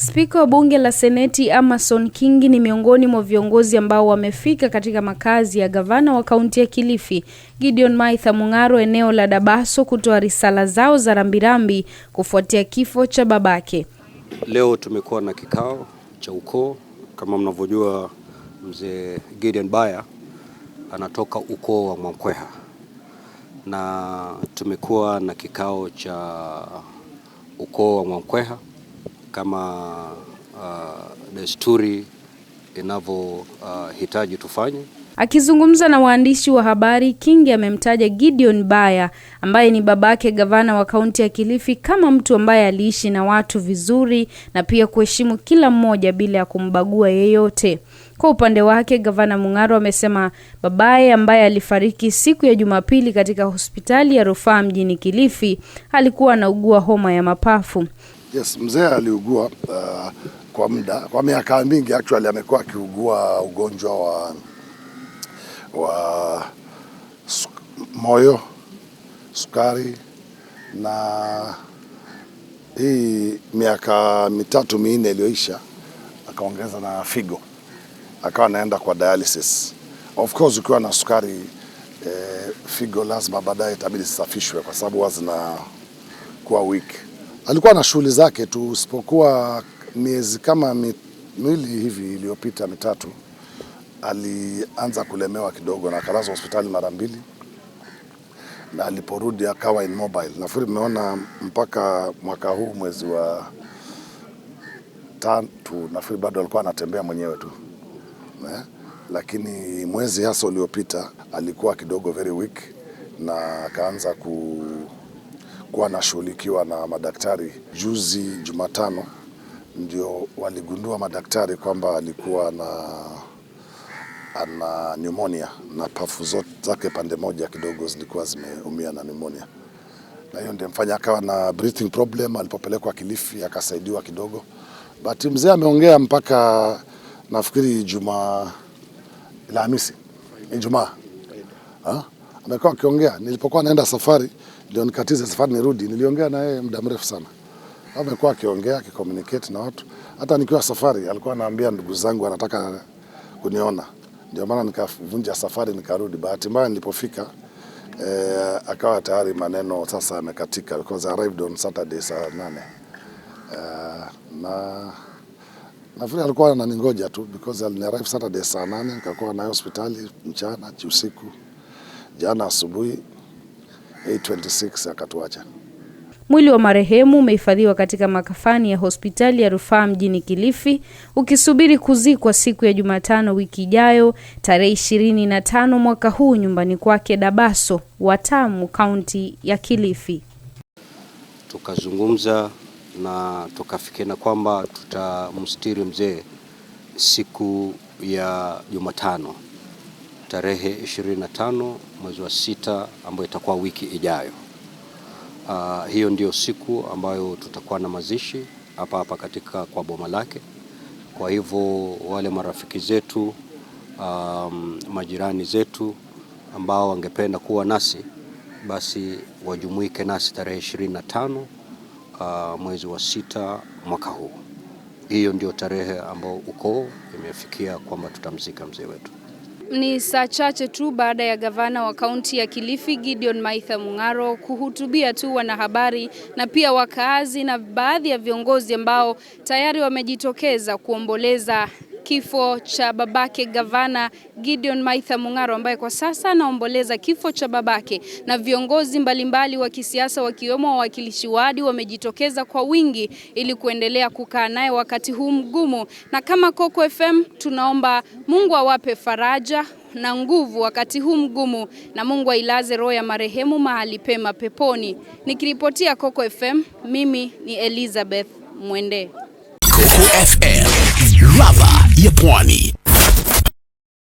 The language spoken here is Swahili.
Spika wa bunge la Seneti Amason Kingi ni miongoni mwa viongozi ambao wamefika katika makazi ya gavana wa kaunti ya Kilifi Gideon Maitha Mung'aro eneo la Dabaso kutoa risala zao za rambirambi kufuatia kifo cha babake. Leo tumekuwa na kikao cha ukoo. Kama mnavyojua, mzee Gideon Baya anatoka ukoo wa Mwamkweha, na tumekuwa na kikao cha ukoo wa Mwamkweha kama uh, desturi inavyohitaji uh, tufanye. Akizungumza na waandishi wa habari, Kingi amemtaja Gideon Baya ambaye ni babake gavana wa kaunti ya Kilifi kama mtu ambaye aliishi na watu vizuri na pia kuheshimu kila mmoja bila ya kumbagua yeyote. Kwa upande wake, gavana Mung'aro amesema babaye ambaye alifariki siku ya Jumapili katika hospitali ya rufaa mjini Kilifi alikuwa anaugua homa ya mapafu. Yes, mzee aliugua uh, kwa muda kwa miaka mingi actually, amekuwa akiugua ugonjwa wa, wa moyo, sukari na hii miaka mitatu minne iliyoisha akaongeza na figo, akawa anaenda kwa dialysis. Of course ukiwa na sukari eh, figo lazima baadaye itabidi zisafishwe kwa sababu huwa zinakuwa weak alikuwa na shughuli zake tu, usipokuwa miezi kama miwili hivi iliyopita mitatu, alianza kulemewa kidogo na akalazwa hospitali mara mbili, na aliporudi akawa immobile. Nafikiri mmeona mpaka mwaka huu mwezi wa tatu, nafikiri bado alikuwa anatembea mwenyewe tu ne? Lakini mwezi hasa uliopita alikuwa kidogo very weak na akaanza ku kuwa anashughulikiwa na madaktari. Juzi Jumatano ndio waligundua madaktari kwamba alikuwa na ana pneumonia na pafu zake pande moja kidogo zilikuwa zimeumia na pneumonia, na hiyo ndio mfanya akawa na breathing problem. Alipopelekwa Kilifi akasaidiwa kidogo, but mzee ameongea mpaka nafikiri juma Alhamisi Ijumaa amekuwa akiongea. Nilipokuwa naenda safari ndio nikatiza safari nirudi. Niliongea na yeye muda mrefu sana, amekuwa akiongea akikomunicate na watu. Hata nikiwa safari alikuwa anaambia ndugu zangu anataka kuniona, ndio maana nikavunja safari nikarudi. Bahati mbaya nilipofika eh, akawa tayari maneno sasa amekatika because I arrived on Saturday saa nane eh, na nafikiri alikuwa ananingoja tu because aliniarrive Saturday saa nane nikakuwa naye hospitali mchana, usiku, jana asubuhi 826 akatuacha. Mwili wa marehemu umehifadhiwa katika makafani ya hospitali ya rufaa mjini Kilifi ukisubiri kuzikwa siku ya Jumatano wiki ijayo tarehe ishirini na tano mwaka huu nyumbani kwake Dabaso, Watamu, kaunti ya Kilifi. Tukazungumza na tukafikiana kwamba tutamstiri mzee siku ya Jumatano tarehe 25 mwezi wa sita ambayo itakuwa wiki ijayo. Uh, hiyo ndio siku ambayo tutakuwa na mazishi hapa hapa katika kwa boma lake. Kwa hivyo wale marafiki zetu, um, majirani zetu ambao wangependa kuwa nasi basi wajumuike nasi tarehe 25 uh, ah, mwezi wa sita mwaka huu. Hiyo ndio tarehe ambayo ukoo imefikia kwamba tutamzika mzee wetu. Ni saa chache tu baada ya gavana wa kaunti ya Kilifi Gideon Maitha Mung'aro kuhutubia tu wanahabari na pia wakaazi na baadhi ya viongozi ambao tayari wamejitokeza kuomboleza kifo cha babake gavana Gideon Maitha Mung'aro ambaye kwa sasa anaomboleza kifo cha babake, na viongozi mbalimbali wa kisiasa wakiwemo wawakilishi wadi wamejitokeza kwa wingi ili kuendelea kukaa naye wakati huu mgumu, na kama Coco FM tunaomba Mungu awape faraja na nguvu wakati huu mgumu, na Mungu ailaze roho ya marehemu mahali pema peponi. Nikiripotia Coco FM, mimi ni Elizabeth Mwende, Coco FM. ya pwani